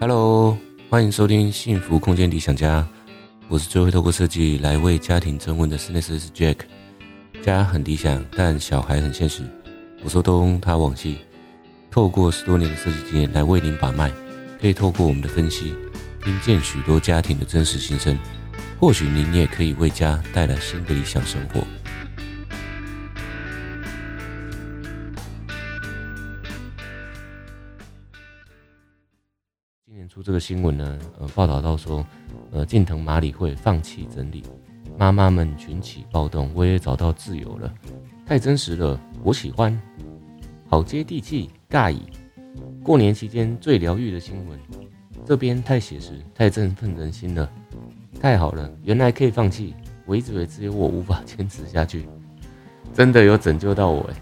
哈嘍，Hello, 歡迎收聽《幸福空間理想家》，我是最會透過設計來為家庭升溫的室內設計師 Jack。家很理想，但小孩很現實。我說東他往西，透過十多年的設計經驗來為您把脈，可以透過我們的分析，聽見許多家庭的真實心聲，或許您也可以為家帶來新的理想生活。今年出這個新聞呢，呃，報道到說，呃，近藤麻理惠放棄整理，媽媽們群起暴動，我也找到自由了，太真實了，我喜歡，好接地氣，尬意，過年期間最療癒的新聞，這邊太寫實，太振奮人心了，太好了，原來可以放棄，我一直以為只有我無法堅持下去，真的有拯救到我哎，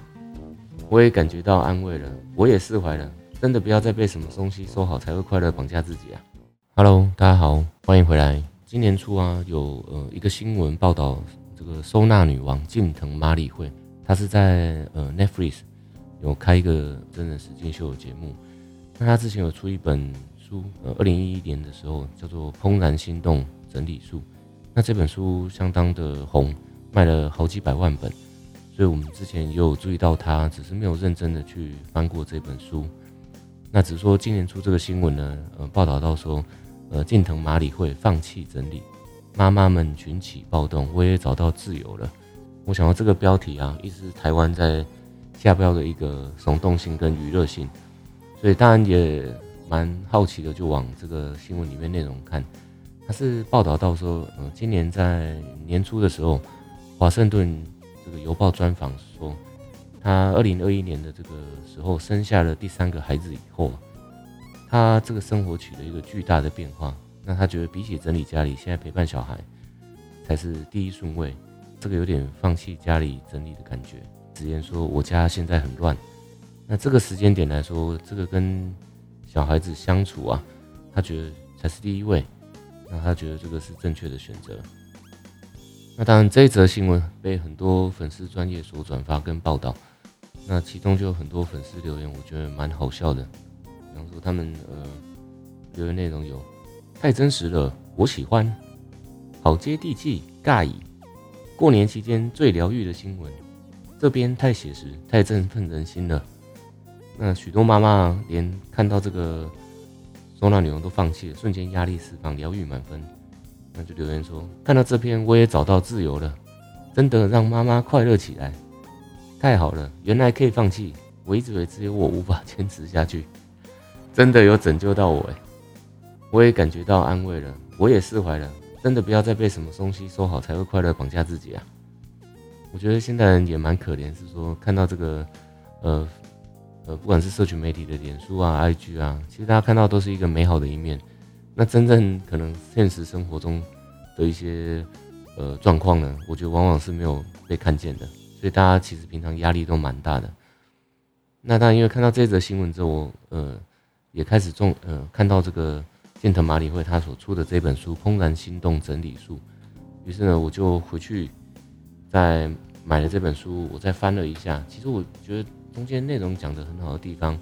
我也感覺到安慰了，我也釋懷了。真的不要再被什麼東西收好才會快樂綁架自己啊哈嘍，Hello, 大家好，歡迎回來。今年初啊，有呃一個新聞報道，這個收納女王近藤麻理惠，她是在呃 Netflix 有開一個真人實境秀的節目。那她之前有出一本書，呃，二零一一年的時候叫做《怦然心動整理書》。那這本書相當的紅，賣了好幾百萬本，所以我們之前也有注意到她，只是沒有認真的去翻過這本書。那只是說今年出這個新聞呢，呃，報道到說，呃，近藤麻理惠放棄整理，媽媽們群起暴動，我也找到自由了。我想到這個標題啊，一直台灣在下標的一個聳動性跟娛樂性，所以當然也蠻好奇的，就往這個新聞裡面內容看。它是報道到說，嗯、呃，今年在年初的時候，華盛頓這個郵報專訪說。他二零二一年的這個時候生下了第三個孩子以後，他這個生活起了一個巨大的變化。那他覺得比起整理家裡，現在陪伴小孩才是第一順位。這個有點放棄家裡整理的感覺。直言說：“我家現在很亂。”那這個時間點來說，這個跟小孩子相處啊，他覺得才是第一位。那他覺得這個是正確的選擇。那當然，這一則新聞被很多粉絲、專業所轉發跟報道。那其中就有很多粉絲留言，我覺得蠻好笑的。比方說他們呃留言內容有太真實了，我喜歡，好接地氣，尬意。過年期間最療癒的新聞，這篇太寫實，太振奮人心了。那許多媽媽連看到這個收納女王都放棄了，瞬間壓力釋放，療癒滿分。那就留言說，看到這篇我也找到自由了，真的讓媽媽快樂起來。太好了，原來可以放棄。我一直以為只有我無法堅持下去，真的有拯救到我哎，我也感覺到安慰了，我也釋懷了。真的不要再被什麼東西收好才會快樂綁架自己啊！我覺得現代人也蠻可憐，是說看到這個呃呃，不管是社群媒體的臉書啊、IG 啊，其實大家看到都是一個美好的一面。那真正可能現實生活中的一些呃狀況呢，我覺得往往是沒有被看見的。所以大家其實平常壓力都蠻大的。那當然，因為看到這則新聞之後，我呃也開始重呃看到這個近藤麻理惠他所出的這本書《怦然心動整理術》，於是呢，我就回去再買了這本書，我再翻了一下。其實我覺得中間內容講得很好的地方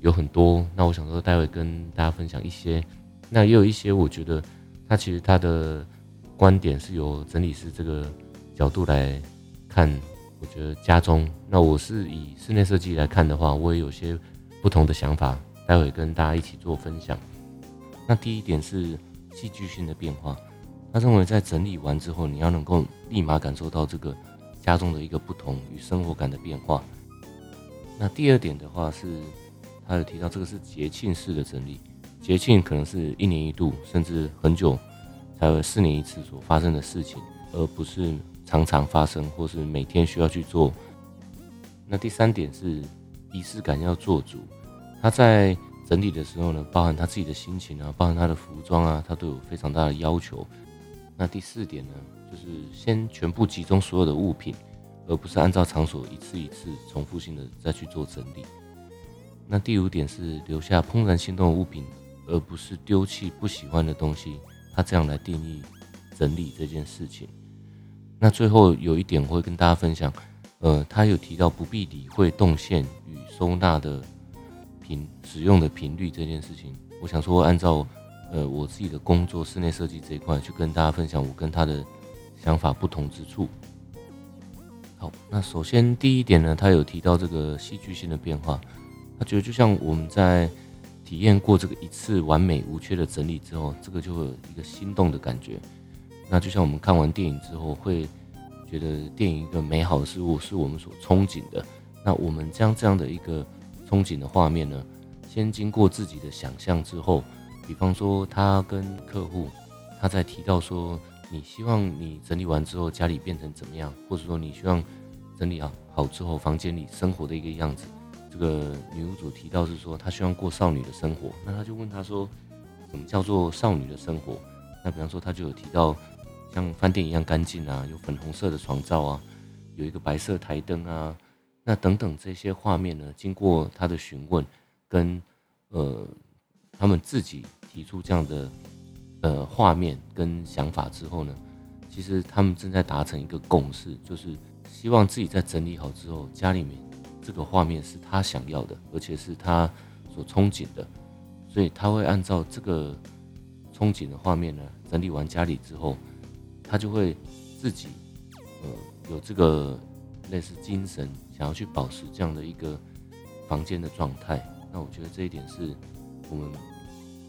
有很多。那我想說，待會跟大家分享一些。那也有一些我覺得他其實他的觀點是由整理師這個角度來看。我覺得家中，那我是以室內設計來看的話，我也有些不同的想法，待會跟大家一起做分享。那第一點是戲劇性的變化，他認為在整理完之後，你要能夠立馬感受到這個家中的一個不同與生活感的變化。那第二點的話是，他有提到這個是節慶式的整理，節慶可能是一年一度，甚至很久，才有四年一次所發生的事情，而不是。常常發生，或是每天需要去做。那第三點是儀式感要做足，他在整理的時候呢，包含他自己的心情啊，包含他的服裝啊，他都有非常大的要求。那第四點呢，就是先全部集中所有的物品，而不是按照場所一次一次重複性的再去做整理。那第五點是留下怦然心動的物品，而不是丟棄不喜歡的東西。他這樣來定義整理這件事情。那最後有一點會跟大家分享，呃，他有提到不必理會動線與收納的頻使用的頻率這件事情。我想說，按照呃我自己的工作室內設計這一塊去跟大家分享我跟他的想法不同之處。好，那首先第一點呢，他有提到這個戲劇性的變化，他覺得就像我們在體驗過這個一次完美無缺的整理之後，這個就有一個心動的感覺。那就像我們看完電影之後，會覺得電影一個美好的事物是我們所憧憬的。那我們將這樣的一個憧憬的畫面呢，先經過自己的想象之後，比方說他跟客戶，他在提到說，你希望你整理完之後家裡變成怎麼樣，或者說你希望整理好好之後房間裡生活的一個樣子。這個女屋主提到是說，她希望過少女的生活。那他就問他說，什麼叫做少女的生活？那比方說他就有提到。像飯店一樣乾淨啊，有粉紅色的床罩啊，有一個白色台燈啊，那等等這些畫面呢，經過他的詢問跟呃他們自己提出這樣的呃畫面跟想法之後呢，其實他們正在達成一個共識，就是希望自己在整理好之後，家裡面這個畫面是他想要的，而且是他所憧憬的，所以他會按照這個憧憬的畫面呢，整理完家裡之後。他就會自己，呃，有這個類似精神，想要去保持這樣的一個房間的狀態。那我覺得這一點是我們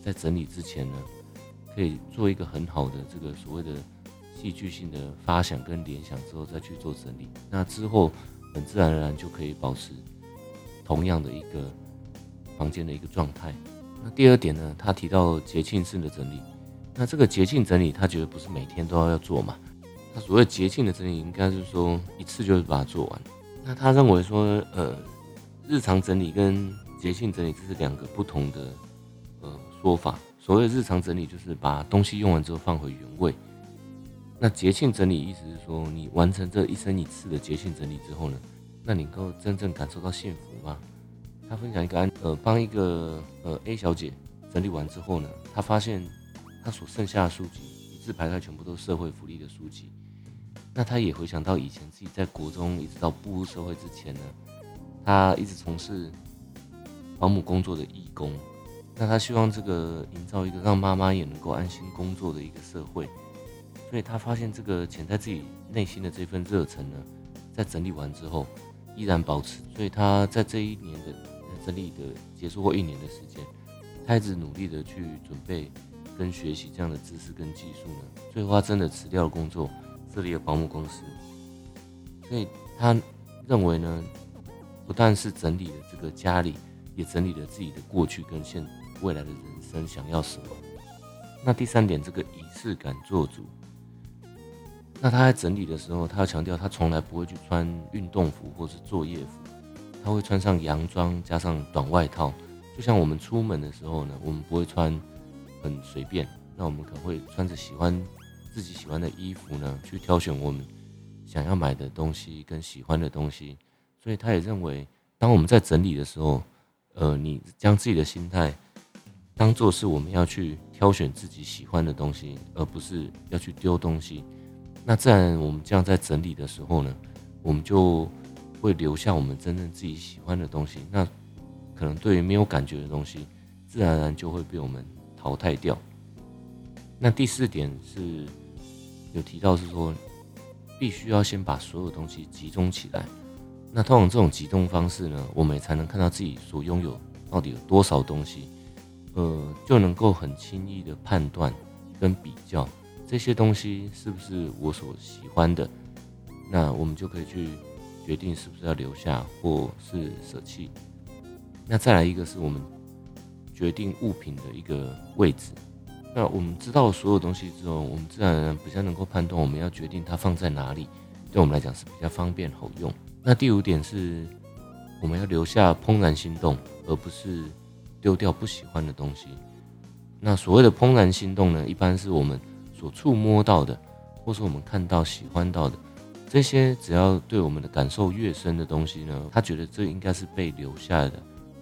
在整理之前呢，可以做一個很好的這個所謂的戲劇性的發想跟聯想之後再去做整理。那之後很自然而然就可以保持同樣的一個房間的一個狀態。那第二點呢，他提到節慶式的整理。那這個節慶整理，他覺得不是每天都要要做嘛？他所謂節慶的整理，應該是說一次就是把它做完。那他認為說，呃，日常整理跟節慶整理這是兩個不同的呃說法。所謂日常整理，就是把東西用完之後放回原位。那節慶整理意思是說，你完成這一生一次的節慶整理之後呢，那你能夠真正感受到幸福嗎？他分享一個案例，呃，幫一個呃 A 小姐整理完之後呢，他發現。他所剩下的書籍，一字排開，全部都是社會福利的書籍。那他也回想到以前自己在國中一直到步入社會之前呢，他一直從事保姆工作的義工。那他希望這個營造一個讓媽媽也能夠安心工作的一個社會。所以他發現這個潛在自己內心的這份熱忱呢，在整理完之後依然保持。所以他在這一年的整理的結束後一年的時間，他一直努力的去準備。跟學習這樣的知識跟技術呢，最後他真的辭掉了工作，設立了保姆公司。所以他認為呢，不但是整理了這個家裡，也整理了自己的過去跟現未來的人生想要什麼。那第三點，這個儀式感做足。那他在整理的時候，他要強調，他從來不會去穿運動服或是作業服，他會穿上洋裝加上短外套，就像我們出門的時候呢，我們不會穿。很隨便，那我們可能會穿着喜歡自己喜歡的衣服呢，去挑選我們想要買的東西跟喜歡的東西。所以他也認為，當我們在整理的時候，呃，你將自己的心態當作是我們要去挑選自己喜歡的東西，而不是要去丟東西。那自然我們這樣在整理的時候呢，我們就會留下我們真正自己喜歡的東西。那可能對於沒有感覺的東西，自然而然就會被我們淘汰掉。那第四點是有提到，是說必須要先把所有東西集中起來。那通常這種集中方式呢，我們也才能看到自己所擁有到底有多少東西，呃，就能夠很輕易的判斷跟比較這些東西是不是我所喜歡的。那我們就可以去決定是不是要留下或是捨棄。那再來一個是我們。決定物品的一個位置，那我們知道所有東西之後，我們自然而然比較能夠判斷我們要決定它放在哪裡，對我們來講是比較方便好用。那第五點是，我們要留下怦然心動，而不是丟掉不喜歡的東西。那所謂的怦然心動呢，一般是我們所觸摸到的，或是我們看到喜歡到的這些，只要對我們的感受越深的東西呢，他覺得這應該是被留下的。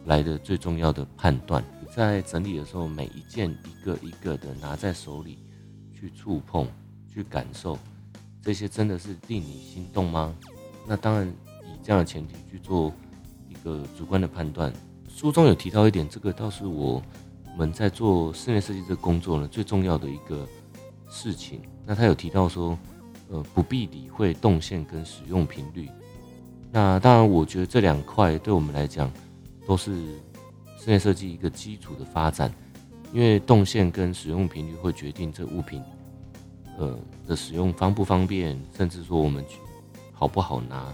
來的最重要的判斷，在整理的時候，每一件一個一個的拿在手裡，去觸碰，去感受，這些真的是令你心動嗎？那當然，以這樣的前提去做一個主觀的判斷。書中有提到一點，這個倒是我，我們在做室內設計這工作呢，最重要的一個事情。那他有提到說，呃，不必理會動線跟使用頻率。那當然，我覺得這兩塊對我們來講。都是室內設計一個基礎的發展，因為動線跟使用頻率會決定這物品呃的使用方不方便，甚至說我們好不好拿，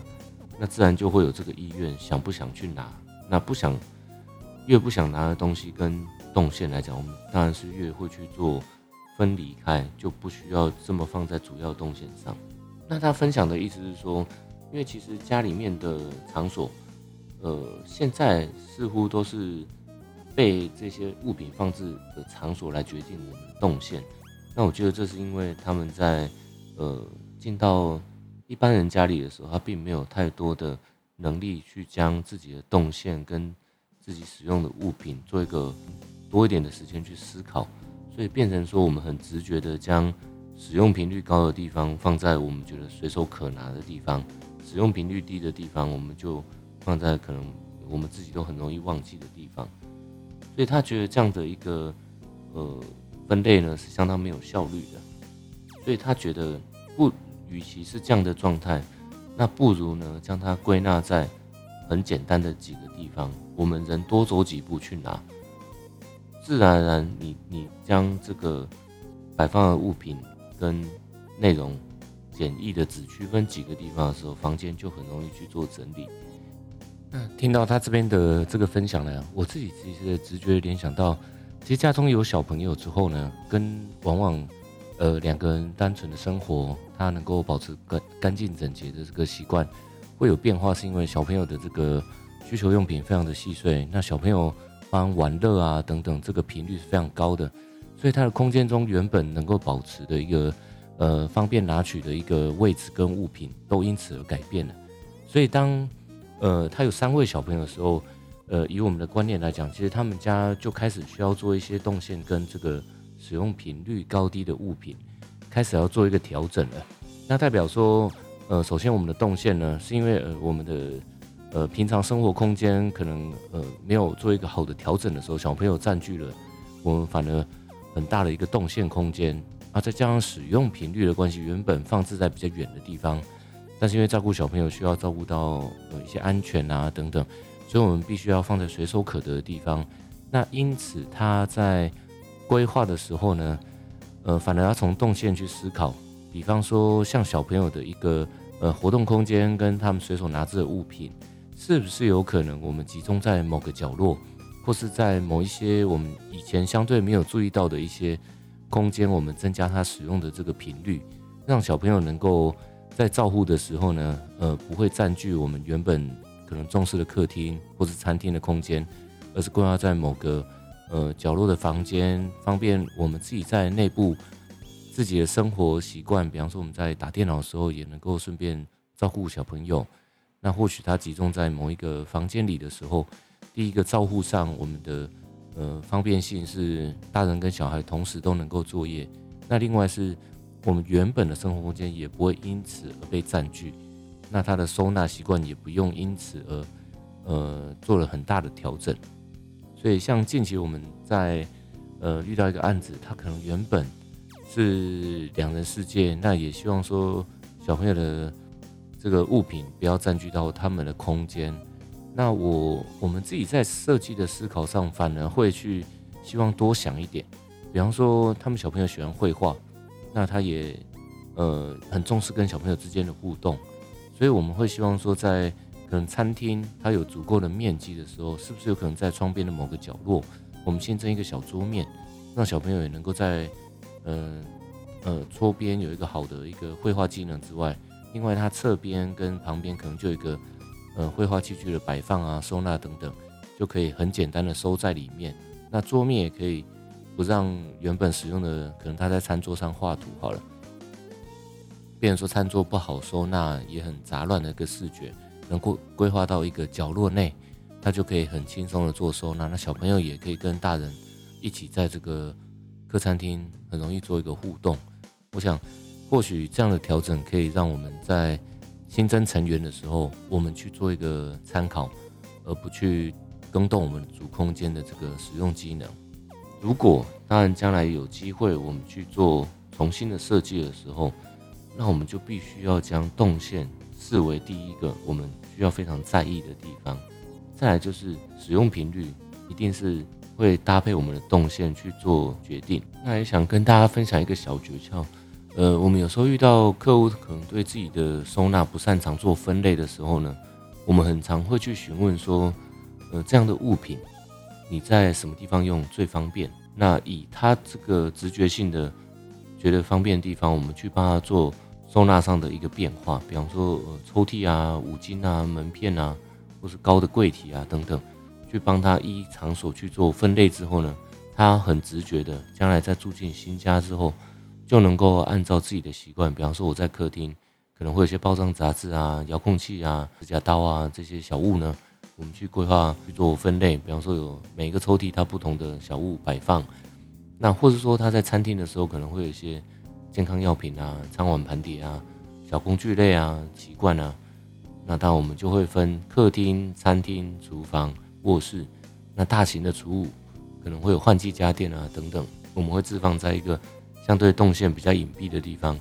那自然就會有這個意願，想不想去拿？那不想，越不想拿的東西跟動線來講，我們當然是越會去做分離開，就不需要這麼放在主要動線上。那他分享的意思是說，因為其實家裡面的場所。呃，現在似乎都是被這些物品放置的場所來決定我們的動線。那我覺得這是因為他們在呃進到一般人家裡的時候，他並沒有太多的能力去將自己的動線跟自己使用的物品做一個多一點的時間去思考，所以變成說我們很直覺的將使用頻率高的地方放在我們覺得隨手可拿的地方，使用頻率低的地方我們就。放在可能我們自己都很容易忘記的地方，所以他覺得這樣的一個呃分類呢是相當沒有效率的，所以他覺得不，與其是這樣的狀態，那不如呢將它歸納在很簡單的幾個地方，我們人多走幾步去拿，自然而然，你你將這個擺放的物品跟內容簡易的只區分幾個地方的時候，房間就很容易去做整理。嗯，聽到他這邊的這個分享呢，我自己其實直覺聯想到，其實家中有小朋友之後呢，跟往往，呃兩個人單純的生活，他能夠保持乾乾淨整潔的這個習慣，會有變化，是因為小朋友的這個需求用品非常的細碎，那小朋友幫玩樂啊等等，這個頻率是非常高的，所以他的空間中原本能夠保持的一個呃方便拿取的一個位置跟物品，都因此而改變了，所以當。呃，他有三位小朋友的時候，呃，以我們的觀念來講，其實他們家就開始需要做一些動線跟這個使用頻率高低的物品，開始要做一個調整了。那代表說，呃，首先我們的動線呢，是因為呃我們的呃平常生活空間可能呃沒有做一個好的調整的時候，小朋友佔據了我們反而很大的一個動線空間。那再加上使用頻率的關係，原本放置在比較遠的地方。但是因為照顧小朋友需要照顧到呃一些安全啊等等，所以我們必須要放在隨手可得的地方。那因此他在規劃的時候呢，呃，反而要從動線去思考。比方說像小朋友的一個呃活動空間跟他們隨手拿着的物品，是不是有可能我們集中在某個角落，或是在某一些我們以前相對沒有注意到的一些空間，我們增加他使用的這個頻率，讓小朋友能夠。在照護的時候呢，呃，不會佔據我們原本可能重視的客廳或是餐廳的空間，而是規劃在某個呃角落的房間，方便我們自己在內部自己的生活習慣。比方說，我們在打電腦的時候，也能夠順便照顧小朋友。那或許它集中在某一個房間裡的時候，第一個照護上我們的呃方便性是大人跟小孩同時都能夠作業。那另外是。我們原本的生活空間也不會因此而被佔據，那他的收納習慣也不用因此而，呃，做了很大的調整。所以像近期我們在，呃，遇到一個案子，他可能原本是兩人世界，那也希望說小朋友的這個物品不要佔據到他們的空間。那我我們自己在設計的思考上，反而會去希望多想一點，比方說他們小朋友喜歡繪畫。那他也，呃，很重視跟小朋友之間的互動，所以我們會希望說，在可能餐廳它有足夠的面積的時候，是不是有可能在窗邊的某個角落，我們新增一個小桌面，讓小朋友也能夠在，嗯，呃，桌、呃、邊有一個好的一個繪畫技能之外，另外它側邊跟旁邊可能就有一個，呃，繪畫器具的擺放啊、收納等等，就可以很簡單的收在裡面，那桌面也可以，不讓原本使用的，可能他在餐桌上畫圖好了，變說餐桌不好收納，也很雜亂的一個視覺，能夠規劃到一個角落內，他就可以很輕鬆的做收納。那小朋友也可以跟大人一起在這個客餐廳很容易做一個互動。我想，或許這樣的調整可以讓我們在新增成員的時候，我們去做一個參考，而不去更動我們主空間的這個使用機能。如果當然將來有機會，我們去做重新的設計的時候，那我們就必須要將動線視為第一個我們需要非常在意的地方。再來就是使用頻率，一定是會搭配我們的動線去做決定。那也想跟大家分享一個小訣竅，呃，我們有時候遇到客戶可能對自己的收納不擅長做分類的時候呢，我們很常會去詢問說，呃，這樣的物品。你在什麼地方用最方便？那以他這個直覺性的覺得方便的地方，我們去幫他做收納上的一個變化。比方說抽屜啊、五金啊、門片啊，或是高的櫃體啊等等，去幫他依場所去做分類之後呢，他很直覺的，將來在住進新家之後，就能夠按照自己的習慣。比方說我在客廳可能會有些包裝雜誌啊、遙控器啊、指甲刀啊這些小物呢。我們去規劃去做分類，比方說有每一個抽屜它不同的小物擺放，那或是說它在餐廳的時候可能會有一些健康藥品啊、餐碗盤碟啊、小工具類啊、習慣啊，那當我們就會分客廳、餐廳、廚房、臥室，那大型的儲物可能會有換季家電啊等等，我們會置放在一個相對動線比較隱蔽的地方，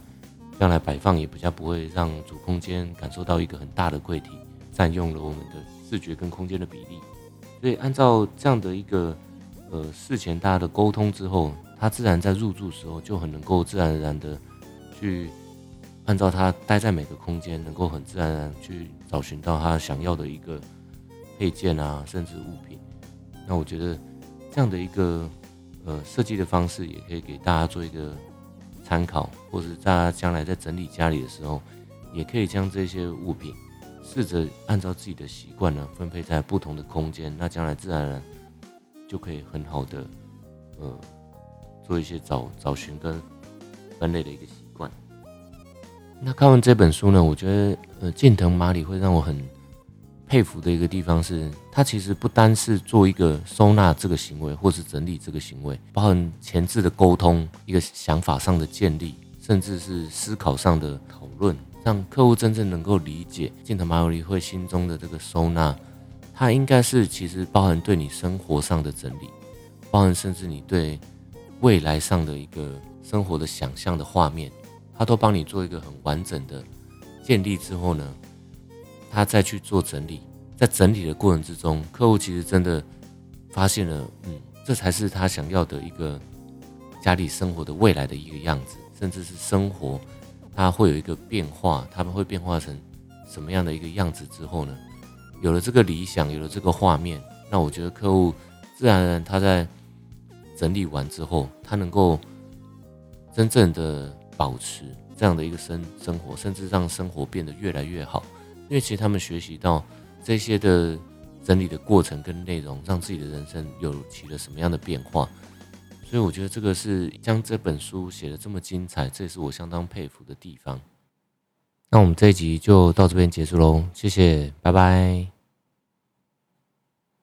這樣來擺放也比較不會讓主空間感受到一個很大的櫃體佔用了我們的。視覺跟空間的比例，所以按照這樣的一個呃，事前大家的溝通之後，他自然在入住的時候就很能夠自然而然的去按照他待在每個空間，能夠很自然而然去找尋到他想要的一個配件啊，甚至物品。那我覺得這樣的一個呃，設計的方式，也可以給大家做一個參考，或是大家將來在整理家裡的時候，也可以將這些物品，試着按照自己的習慣呢，分配在不同的空間，那將來自然來就可以很好的，呃，做一些找找尋跟分類的一個習慣。那看完這本書呢，我覺得，呃，近藤麻理惠讓我很佩服的一個地方是，他其實不單是做一個收納這個行為，或是整理這個行為，包含前置的溝通，一個想法上的建立，甚至是思考上的討論。讓客戶真正能夠理解，近藤麻理惠心中的這個收納，它應該是其實包含對你生活上的整理，包含甚至你對未來上的一個生活的想象的畫面，他都幫你做一個很完整的建立之後呢，他再去做整理，在整理的過程之中，客戶其實真的發現了，嗯，這才是他想要的一個家裡生活的未來的一個樣子，甚至是生活。他會有一個變化，他們會變化成什麼樣的一個樣子之後呢？有了這個理想，有了這個畫面，那我覺得客戶自然而然他在整理完之後，他能夠真正的保持這樣的一個生生活，甚至讓生活變得越來越好。因為其實他們學習到這些的整理的過程跟內容，讓自己的人生有起了什麼樣的變化。所以我覺得這個是將這本書寫得這麼精彩，這也是我相當佩服的地方。那我們這一集就到這邊結束嘍，謝謝，拜拜。